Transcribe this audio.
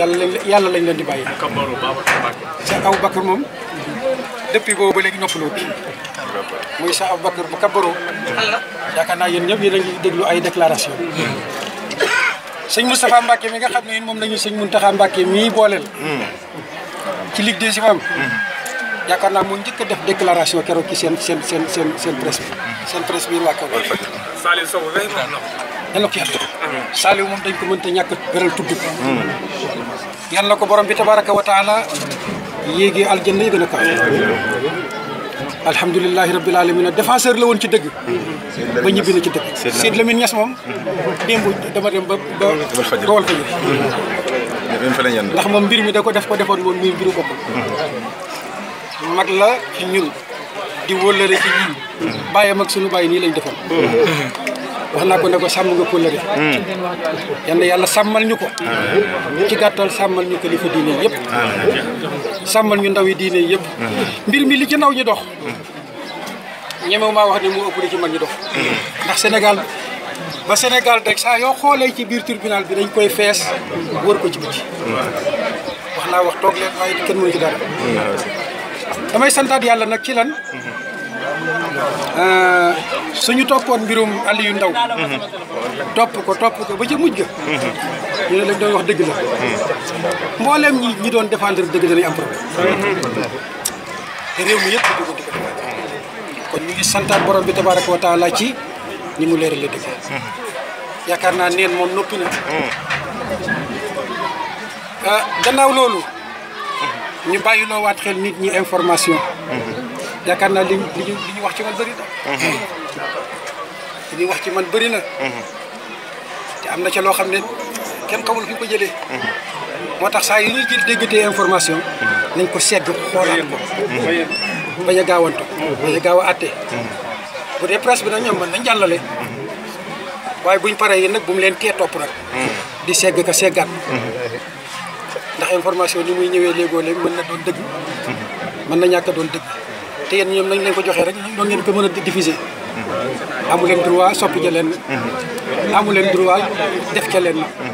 yàlla lañ yàlla lañ leen di bàyyi. Cheikh Aboubacar moom. depuis boobu ba léegi noppaloo muy Cheikh bakk bu kabbaroo yaakaar naa yéen ñëpp yéen a déglu ay déclaration sëñ Moustapha Mbacke mi nga xam ne moom lañu ñu sëñ Mountakha Mbacke mii booleel. ci Ligue des imams. yaakaar naa mu njëkk def déclaration keroog ci seen seen seen seen seen presse bi. seen presse bi laa ko. yal na ko yàlla Saliou moom dañ ñàkk beral tudd ko na ko borom bi tabaraka wa taala yéegee aljanna yi gën a kaw alhamdulilahi rabbil alamin défenseur la woon ci dëgg ba ñibbi ci dëgg Sidy Lamine Niass moom démb dama dem ba ba kowal ko jë ndax moom mbir mi de ko def ko defoon moom mi mbiru boppam mag la ci ñun di wóllëre ci ñun hmm. bàyyam ak sunu baay nii lañ defoon hmm. wax naa ko ne ko sàmm nga ko yal na yàlla sàmmal ñu ko ci gàttal sàmmal ñu ko li fa diine yëpp sàmmal ñu ndaw yi diine yëpp mbir mi li ci ndaw ñi dox ñemewu wax ne moo ëpp li ci mag ñi dox ndax Sénégal ba Sénégal de saa yoo xoolee ci biir tribunal bi dañ koy fees wër ko ci biti wax naa wax toog leen waaye nag ci lan euh, suñu toppoon mbirum yu ndaw topp ko topp ko ba ca mujj ga ñu ne doon wax dëgg la mbooleem ñi ñi doon défendre dëgg danañ am te réew mi yëpp dugg dëgg kon ñu ngi santaat borom bi tabaraka wa taala ci ni mu leerale dëgg yaakaar naa neen moom noppi na ah, gannaaw loolu ñu bàyyiloo waat xel nit ñi information yaakaar naa li li ñu wax ci man bëri na. Mhm. li ñuy wax ci man bëri na. Mhm. te am na ca loo xam ne kenn xamul fi ko jëlee. Mhm. moo tax saa yu ñuy jël déggatee information. nañ ko segg xoolaat ko. bañ a gaawantu. bañ a gaaw a àtte. bu dee presse bi nag ñoom mën nañ jàllale. waaye buñ pare yi nag bu mu leen tee topp nag. di segg ka seggaat. ndax information ni muy ñëwee léegoo léegi mën na doon dëgg. mën na ñàkk doon dëgg. te yéen ñoom nañ leen ko joxee rek noonu ngeen ko a diffuser hmm. amu leen droit soppi ca leen hmm. amu leen droit def ca leen